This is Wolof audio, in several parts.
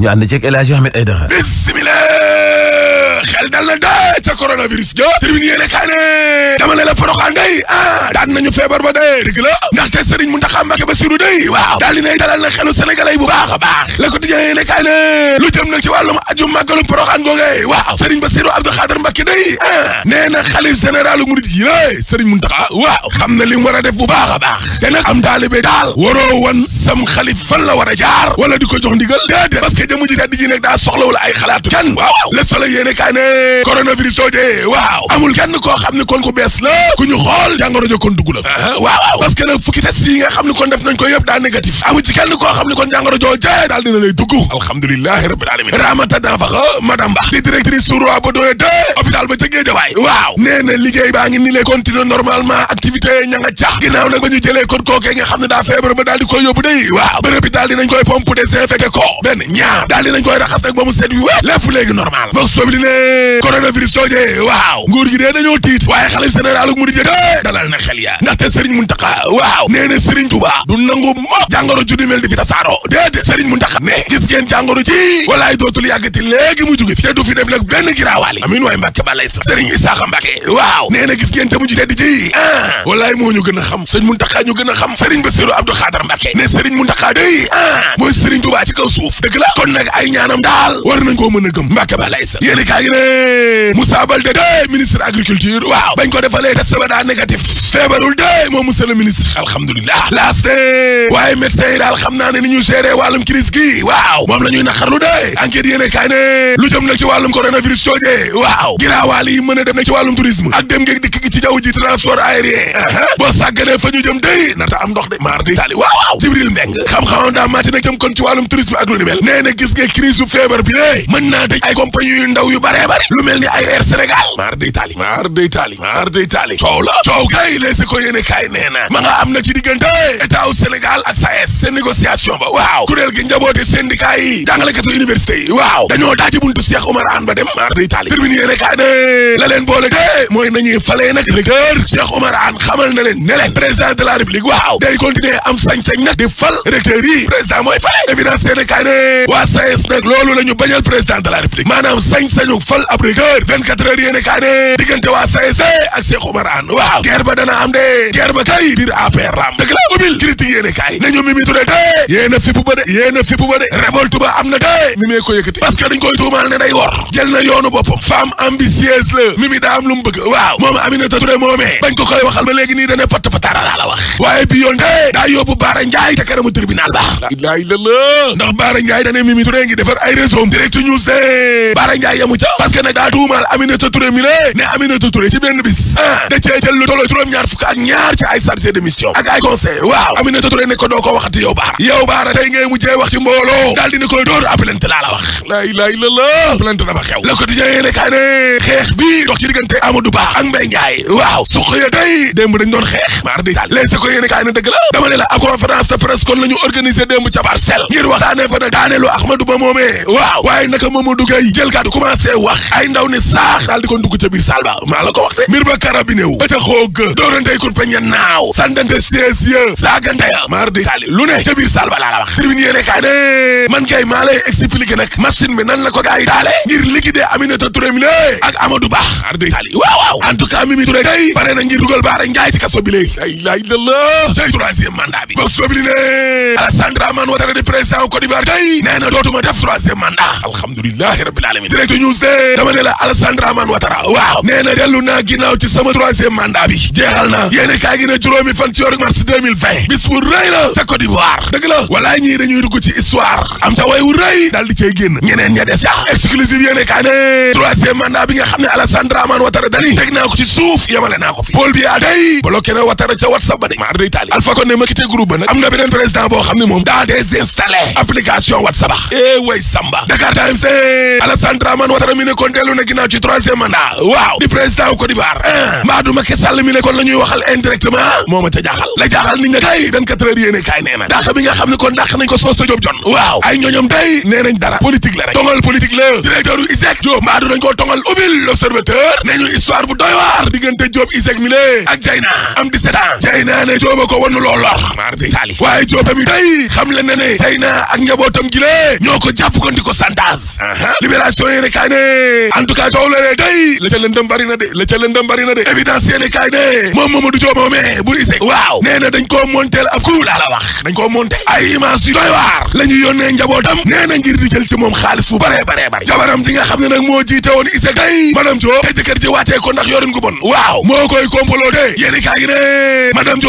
ñu ànd ceeg El Hadji Ahmed Aidara xel dal na da ca coronavirus ja tribune yéene kaa ne dama ne la poroxaan day ah na nañu feebar ba day dëgg la ndaxte Serigne Mountakha Mbacké Bassirou day waaw daal di nay dalal na xelu sénégalais bu baax a baax la ko tijee yéene kaa ne lu jëm nag ci wàllum aju màggalum poroxaan googee waaw Serigne Bassirou Abdou Khadre Mbacké day ah nee na xalif généralu murid yi la Serigne Mountakha waaw xam na li mu war a def bu baax a baax te nag am taalibe daal la war a jaar parce que jëmu ji tedd ji nag daa soxlawul ay xalaat kenn waaw le soleil yéene kaay ne coronavirus soojee waaw amul kenn koo xam ne kon ku bees la ku ñu xool jàngoro jo kon dugg la waaw parce que nag fukki test yi nga xam ne kon def nañ ko yëpp daa négatif amu kenn koo xam ne kon jàngoro joo jee daal dina lay dugg alhamdulilahi rabbil alamin ramata danfaxa madame ba di directrice su roi ba doye te hôpital ba ca Géejawaay waaw nee liggéey baa ngi ni lay continuer normalement activité ña nga cax ginnaaw nag ba ñu jëlee kon kookee nga xam ne daa feebar ba daal di yóbbu day waaw bërëb bi daal dinañ koy pompe désinfecté ko benn ñaar daal dinañ koy raxas nag ba mu set wi wépp lépp léegi normal vox sobi li ne coronavirus joojee waaw nguur gi dee dañoo tiit waaye xalif généralu mu di jëte dalal na xel ya ndaxte Serigne Mountakha waaw nee na Serigne Touba du nangu mop jàngoro ju di mel di fi tasaaroo déedéet Serigne Mountakha ne nee gis ngeen ah moo ñu gën a xam sëñ Muntaxa ñu gën a xam sëriñ Bassirou Abdou Khadre Mbacké ne sëriñ Muntaxa day ah mooy kaw suuf dëgg la kon nag ay ñaanam daal war nañ koo mën a gëm mbake ba lay sa yéeni kaa ngi ne Moussa Baldé ministre agriculture waaw bañ ko defalee test ba daa négatif feebarul day moom monsieur le ministre alhamdulilah laast waaye médecin yi daal xam naa ne ni ñu géré wàllum crise gi waaw moom na ñuy naqarlu day enquête yéene kaay ne lu jëm nag ci wàllum coronavirus coojee waaw giraawaal yi mën a dem ci wàllum tourisme ak dem ji transport aérien boo sàgganee fa ñu jëm day nata am ndox de maar waaw waaw Mbeng xam-xamam daa màcc jëm kon ci wàllum tourisme ak lu ni mel nee na gis nga crise su feebar bi lée mën naa tëj ay compagnie yu ndaw yu baree bari lu mel ni ay Air Sénégal maar di coow la coow kay si ko yéene nee na ma nga am na ci diggante état Sénégal ak SAES e seen négociation ba waaw kuréel gi njaboote syndicat yi jàngalekatu université yi waaw dañoo daa ci buntu Cheikh ba dem maar di taali terminé yéene kaay ne la leen boole de mooy nañuy xamal na leen ne leen président de la république waaw day continuer am sañ-sañ nag di fal recteur président mooy fale évidence seene kaay ne waa nag loolu la bañal président de la république maanaam sañ-sañu fal ab recteur vingt quatre heures yéene kaay ne diggante waa SAES ak waaw guerre ba dana am kay biir APR la am dëgg laa ubbil critique ne ñu Mimi Touré de yéen a fippu ba de yéen a ba de révolte na de mi mee ko yëkkati parce que dañ na yoonu boppam femme ambitieuse la Mimi daa ba léegi nii dana patt pataaraa la wax waaye bi yoon de daa yóbbu Baara Ndiaye ca kanamu tribunal ba laa ilaaha illallaah ndax Baara Ndiaye dane Mimi Touré ngi defar ay réseau direct ah da cee jël lu tolloo juróom-ñaar la wax laa ilaaha xew le quotidien yéene kaa ne xeex bi dox ci diggante Amadou Ba ak Mbaye Ndiaye waaw suq ya démb dañ doon xeex maar di taal léegi ko yéene kaay na dëgg la dama ne la ak conférence de presse kon la ñu organiser ca Parcelles ngir waxtaane fa nag daaneelu Ahmadou Ba moomee waaw waaye naka Mamadou Gueye jël kàddu commencé wax ay ndaw ne saax daal di ko dugg ca biir salle maa la ko wax mbir ba karabiné wu ca xoog doorantey kurpe ña naaw sandante chaise ya saagante ya maar di taal lu ne ca biir salle ba laa la wax tribune yéene kaay ne man kay maa lay expliquer nag machine bi Bara Ndiaye ci kaso bi léegi ay laa yi la la tey troisième mandat bi box bi ne Alassane Dramane Ouattara di président Côte d'Ivoire tey nee na def troisième mandat alhamdulilahi rabbil alamin direct news waaw nee dellu naa ginnaaw ci sama troisième mandat bi jeexal na gi ne juróomi fan mars bis bu la ca Côte d'Ivoire dëgg la ñii dañuy dugg ci histoire am sa way wu di cay génn ñeneen ña des exclusive yéene kaa ne troisième bi nga xam ne Alassane Dramane Ouattara dani teg naa ko day bloqué na Ouattara ca WhatsApp ba de maar day taali Alpha Condé ma quitté groupe ba nag am na beneen président boo xam ne moom daa désinstallé application WhatsApp ba eh way samba Dakar Times eh! Alassane Dramane Ouattara mi ne kon dellu na ginnaaw ci troisième mandat waaw di président wu Côte d'Ivoire a eh! mbaa du Macky Sall mi ne kon waxal indirectement ah! moo ma ca jaaxal la jaaxal nit ña kay 24 heures yéene kaay nee na dàq nga xam ne kon dàq nañ ko soos sa job Dieyna am 17 ans ne Jóob a ko wanu loo lor maar day taali waaye Jóob tamit tey xam le na ne Dieyna ak njabootam gi le ñoo ko jàpp kon di ko santage libération yéene kaay ne en tout cas coow lale tey de la ca lëndëm bari na de évidence yéene bu iseg waaw nee na dañ koo montel ab ku laa wax dañ koo montel ay image yu waar la ñu yónnee njabootam nee ngir di jël ci moom xaalis bu bare bare bare jabaram ji nga xam ne nag moo jiite woon iseg tey maanaam Jóob te jëkkër yéen i kaay gi ne madame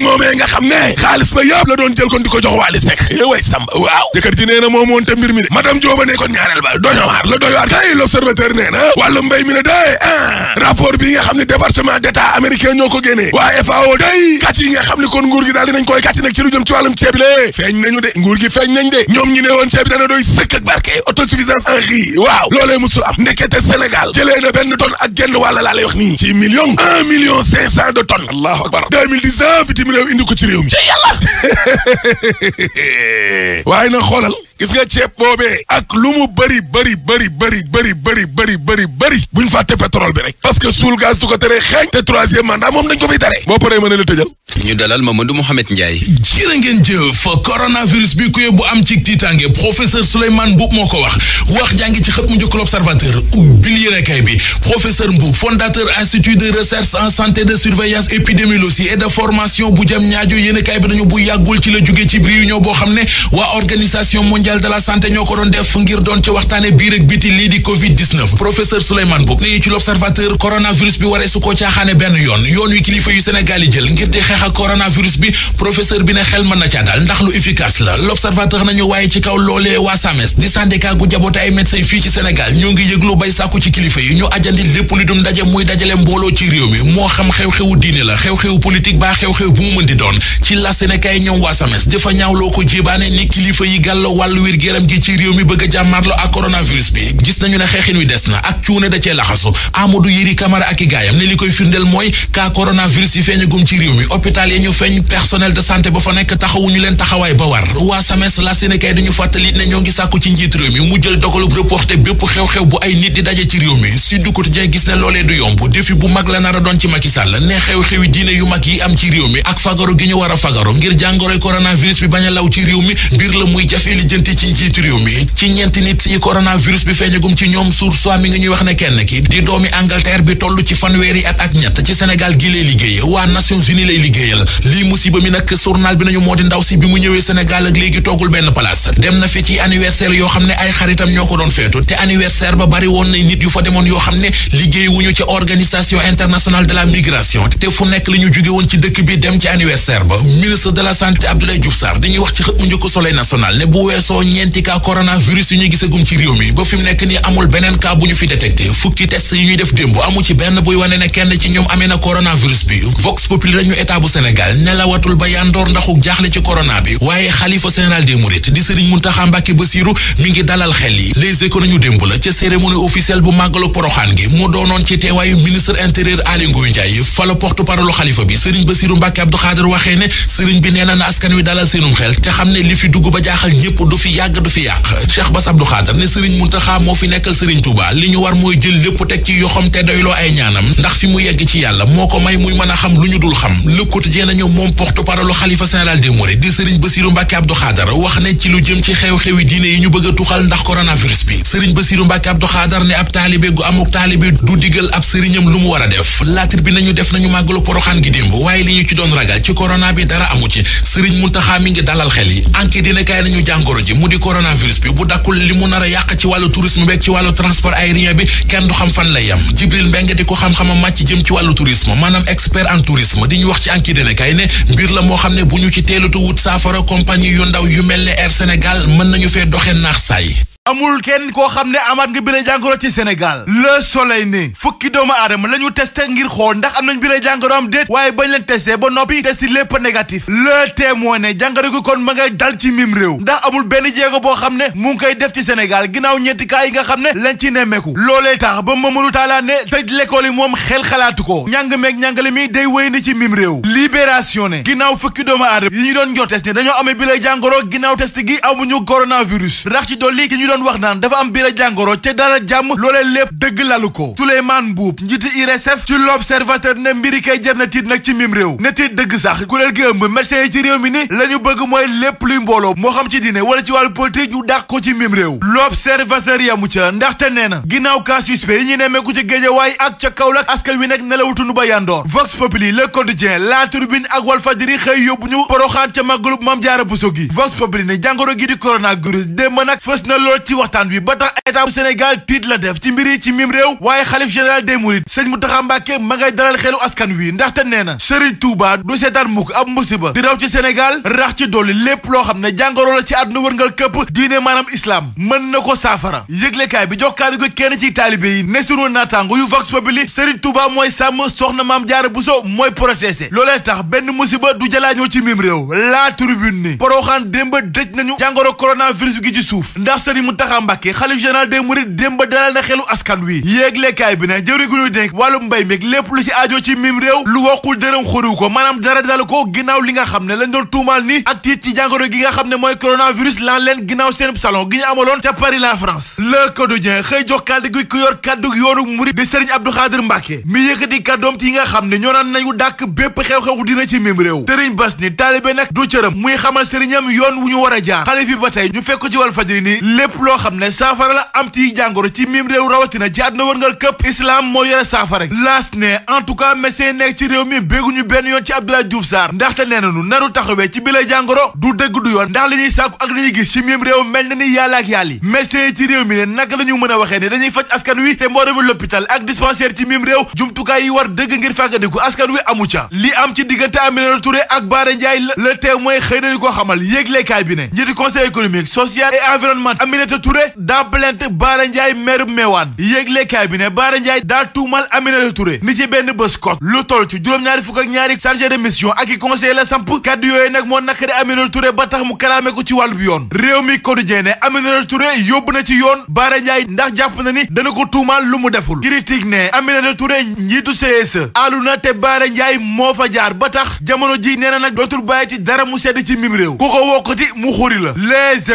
moomee nga xam ne xaalis ba yëpp la doon jël kon di ko jox Wally Seck eh way Samba waaw jëkkër ji nee moom woon te mbir mi de madame Diop a ne kon ñaareel ba doy waar la doy waar kay l'observateur nee na wàllu mi ne day ah, rapport bi nga xam ne département d'état américain ñoo ko génnee waa FAO day kàcc yi nga xam ne kon nguur gi daal dinañ koy kàcc nag ci lu jëm ci wàllum ceeb le feeñ nañu de nguur gi feeñ nañ point de tonne allahu akbar 2019 bitim réew indi ko ci réew mi ci yàlla waaye nag xoolal gis nga ceeb boobee ak lu mu bëri bëri bëri bëri bëri bëri bëri bëri bëri buñ fàtte pétrole bi rek que suul gaz du ko tere xeeñ te troisième mandat moom dañ ko fiy tere boo paree ma ne la tëjal ñu dalal Mamadou Mouhamed Ndiaye jërë ngeen jëf coronavirus bi ku yóbbu am ci tiitaange professeur Souleymane Mboup moo ko wax wax jàngi ci xët mu njëkk l'Observateur ubbil yéenekaay bi professeur Mboup fondateur institut de recherche en santé de surveillance épidémiologie et de formation bu jam ñaajo yéenekaay bi dañu bu yàggul ci la jóge ci réunion boo ñoo ko coronavirus bi waree su ko caaxaane benn yoon yoon wi kilifa yu Sénégal yi jël ngir di xeex ak coronavirus bi professeur bi ne xel mën na caa daal ndax lu efficace la l'observateur nañu waaye ci kaw loolee waa SAMES di syndicat gu jaboote ay médecins fii ci Sénégal ñoo ngi lu bay sàkku ci kilifa yi ñu ajandi lépp lu dum ndaje muy dajale mbooloo ci réew mi moo xam xew-xewu diine la xew xew politique baa xew-xew bu mu mën di doon ci la Sénégal yi ñoom waa SAMES dafa ñaawloo ko jébaane ni kilifa yi gàllo wàllu wér géram gi ci réew mi bëgg a jàmmaarlo ak coronavirus bi gis nañu ne xeexin wi des na ak cuune da cee laxasu Amadou Yeri Camara ak i gaayam ne li koy firndeel mooy cas coronavirus yi feeñagum ci réew mi hôpital yi ñu feeñ personnel de santé ba fa nekk taxawuñu leen taxawaay ba war waa SAMES la Sénégal dañu fàttali ne ñoo ngi sàkku ci njiit réew mi mu jël dogalub reporté bépp xew-xew bu ay nit di daje ci réew mi Sud Quotidien gis ne loolee du yomb défi bu mag la nar a doon ci Macky Sall ne xew-xewi diine yu mag yi am ci réew mi ak fagaro gi ñu war a fagaru ngir jàngoroy coronavirus bi bañ a law ci réew mi mbir la muy jafe li jënti ci njiit réew mi ci ñeenti nit yi coronavirus bi feeñagum ci ñoom suur soi mi ngi wax ne kenn ki di doomi Angleterre bi toll ci fanweeri at ak ñett ci Sénégal gi lay liggéey waa Nations Unies lay liggéeyal bi nañu moo di ndaw si te anniversaire ba bari woon ci organisation internationale de la migration te fu nekk li ñu ci dëkk bi dem ci anniversaire ba ministre de la santé Abdoulaye Diouf dañuy wax ci xët mu njëkk Soleil national ne bu weesoo ñeenti cas coronavirus yu ñu gisagum ci réew mi ba fi nekk nii amul beneen cas bu ñu fi détecté fukki test yi ñuy def démb amu ci benn buy wane ne kenn ci ñoom amee na coronavirus bi vox populi lañu état bu Sénégal nelawatul ba yandoor ndaxu jaaxle ci corona bi waaye xalifa général des mourides di Serigne Mountakha Mbacké Bassirou mi ngi dalal xel yi les économies démb la ca cérémonie officielle bu màggalu poroxaan gi mu doonoon ci teewaayu ministre intérieur Aly Ngouille Ndiaye fa la porte xalifa bi Serigne Bassirou Mbacké Abdou Khadre waxee ne Serigne bi nee na askan wi dalal seenum doyloo ay ñaanam ndax fi mu yegg ci yàlla moo ko may muy mën a xam lu ñu dul xam le quotidien nañu moom porte-parole xalifa général des mourides di sëriñ Bassirou Mbacké Abdou Khadar wax ne ci lu jëm ci xew-xewi diine yi ñu bëgg a tuxal ndax coronavirus bi sëriñ Bassirou Mbacké Abdou Khadar ne ab taalibe gu amuk taalibe du digal ab sëriñam lu mu war def laatir bi nañu def nañu màggalu poroxaan gi démb waaye li ñu ci doon ragal ci corona bi dara amu ci sëriñ Muntaxa mi ngi dalal xel yi enquête dina kaay nañu jàngoro ji mu di coronavirus bi bu dakkul li mu a yàq ci wàllu tourisme Mbengue di ko xam-xama màcc jëm ci wàllu tourisme maanaam expert en tourisme di ñu wax ci enquête ne kay ne mbir la moo xam ne bu ñu ci teelutu wut saafara compagnie yu ndaw yu mel ne Air Sénégal mën nañu fee doxe naax saay amul kenn koo xam ne amaat nga bile jàngoro ci Sénégal le soleil ni fukki doomu aadama la ñu testé ngir xool ndax am nañ bile jàngoro am déet waaye bañ leen testé ba noppi test lépp négatif le témoin ne jàngoro gi kon ma ngay dal ci mim réew ndax amul benn jéego boo xam ne mu ngi koy def ci Sénégal ginnaaw ñetti cas yi nga xam ne lañ ci nemmeeku loolee tax ba Mamadou Talla ne tëj l'école yi moom xalaatu ko ñàng meeg ñàngale mi day wéy ni ci mim réew libération ne ginnaaw fukki doomu yi ñu doon jox test ne dañoo amee bile jàngoro ginnaaw test gi amuñu coronavirus rax ci dolli ki ñu doon doon wax naan dafa am biir jàngoro te dara jàmm loolee lépp dëgg lalu ko Souleymane Mbuub njiiti IRSF ci l'Observateur ne mbiri kay jar na nag ci mim réew ne dëgg sax kuréel gi ëmb yi ci réew mi ni la ñu bëgg mooy lépp luy mbooloo moo xam ci diine wala ci wàllu politique ñu dàq ko ci mim réew l'Observateur yamu ca ndaxte nee na ginnaaw cas suspect yi ñu nemmeeku ci Géejawaay ak ca Kaolack askan wi nag nelawutundu ba yandoor Vox Populi Le La Tribune ak Walfadjri xëy yóbbu ñu poroxaan ca màggalub Maam Jaara gi lool ci waxtaan wi ba tax état bu Sénégal tiit la def ci mbir yi ci mim réew waaye xalif général des mourides sëñ Mountakha Mbacké ma ngay dalal xelu askan wi ndaxte nee na Serigne Touba du seetaan mukk ab musiba di raw ci Sénégal rax ci dolli lépp loo xam ne jàngoro la ci àdduna wërngal këpp diine maanaam islam mën na ko saafara yëglekaay bi jox kaddu ko kenn ci taalibe yi ne sunu naataango yu vox populi Serigne Touba mooy sàmm soxna maam Jaara Buso mooy protéger loolee tax benn musiba du jalaañoo ci mim réew la tribune ni poroxaan démb dëj nañu jàngoro coronavirus gi ci suuf ndax sëriñ Mountakha Mbacké xalif général des mourides démb dalal na xelu askan wi yéeglekaay bi ne jëwri gu ñuy dénk wàllum mbéy meeg lépp lu ci ajo ci mim réew lu waxul dërëm xoriw ko maanaam dara dal ko ginnaaw li nga xam ne lañ doon tuumaal ni ak tiit ci jàngoro gi nga xam ne mooy coronavirus lan leen ginnaaw seen salon gi ñu amaloon ca Paris la France Le Quotidien xëy jox kàddu gi ku yor kàddu yoonu murid di Serigne Abdou Khadir Mbacké mi yëkkati kàddoom ci nga xam ne ñoo naan nañu dàkk bépp xew-xew dina ci mim réew Serigne Bass ni du muy xamal sëriñam yoon wu ñu war a jaar xalif bi tey ñu fekk ci Walf Fadjri lépp loo xam ne saafara la am ci jàngoro ci miim réew rawatina ci àdduna wërngal këpp islam moo yore saafara laas ne en tout cas médecin nekk ci réew mi bégguñu benn yoon ci Abdoulaye Diouf Sarr ndaxte nee nañu naru taxawee ci bile jàngoro du dëgg du yoon ndax li ñuy sàkku ak li ñuy gis ci miim réew mel na ni yàlla ak yàlla ci réew mi ne naka la ñu mën a waxee ni dañuy faj askan wi te mboolemu l'hôpital ak dispensaire ci miim réew jumtukaay yi war dëgg bi ne Aminata Touré daa plainte Baara Ndiaye maire Mewane yéeglekaay bi ne Baara Ndiaye daa tuumal Aminata Touré ni ci benn bës kot lu toll ci juróom-ñaari fukk ak ñaari chargé de mission ak i conseil la samp kàddu yooyu nag moo naqari Aminata Touré ba tax mu kalaame ko ci wàllu bi yoon réew mi quotidien ne Aminata Touré yóbbu na ci yoon Baara Ndiaye ndax jàpp na ni dana ko tuumal lu mu deful critique ne Aminata Touré njiitu CSE alu na te Baara Ndiaye moo fa jaar ba tax jamono ji nee na nag dootul bàyyi ci dara mu sedd ci mim réew ko wokkati mu xuri la les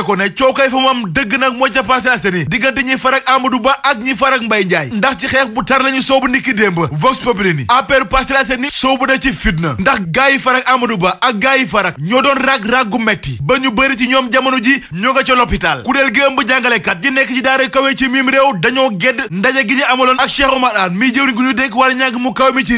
fa mu am dëgg na nag moo ca Parcelles Assainies diggante ñi far ak Amadou Ba ak ñi far ak Mbaye ndax ci xeex bu tar lañu soobu niki démb Vox Populi ni APR Parcelles Assainies soobu na ci fitna ndax gaa yi far Ba ak gaa yi far ak ñoo doon rag rag gu metti ba ñu bëri ci ñoom jamono ji ñoo nga ca l'hôpital kuréel gi ëmb jàngalekat yi nekk ci daara kawe ci miim réew dañoo gedd ndaje gi ñu amaloon ak Cheikh Oumar Anne miy jëwriñ gu ñu dénk wàllu ñàng mu kaw mi ci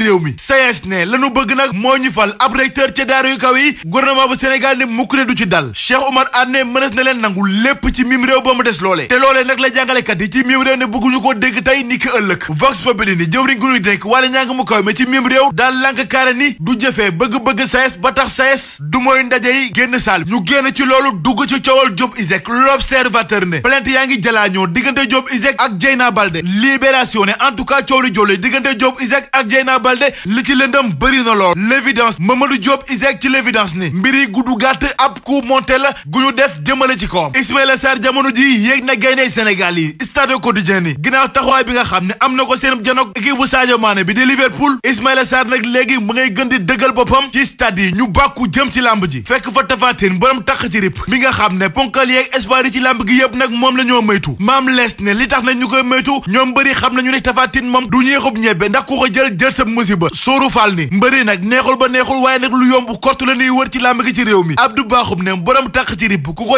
mu des loolee te loolee nag la jàngalekat yi ci miim réew ne bëgguñu koo dégg tey ni ki ëllëg vox populi ni jëwriñ gu ñu dénk wala ñàng mu kaw ma ci miim réew daal lànk kaare ni du jëfee bëgg-bëgg saes ba tax saes du mooy ndaje yi génn saal ñu génn ci loolu dugg ci coowal Diop Iseg l'observateur ne plainte yaa ngi jalaañoo diggante Diop Iseg ak Dieyna Baldé libération ne en tout cas coow li jóolee diggante Diop Iseg ak Dieyna Baldé li ci lëndëm bëri na lool l'évidence Mamadou Diop Iseg ci l'évidence ni mbiri gudd gàtt ab coup gu ñu def jëmale ci koom Ismaïla Sarr jamono ji lii yéeg na gaynde Sénégal yi stade quotidien yi ginnaaw taxawaay bi nga xam ne am na ko seen janoog équipe bu Sadio Mané bi di Liverpool Ismaïla Sarr nag léegi mu ngay gën di dëggal boppam ci stade yi ñu bàkku jëm ci làmb ji fekk fa tafaateen borom taq ci rip mi nga xam ne ponkal yeeg espoir yi ci làmb gi yëpp nag moom la ñoo moytu maam lees ne li tax na ñu koy moytu ñoom mbëri xam nañu ne tafaateen moom du ñeexub ñebbe ndax ku ko jël jël sa musiba sóoru faal ni mbëri nag neexul ba neexul waaye nag lu yomb kott la ñuy wër ci làmb ci réew mi Abdou Bakhoum ne borom taq ci rip ku ko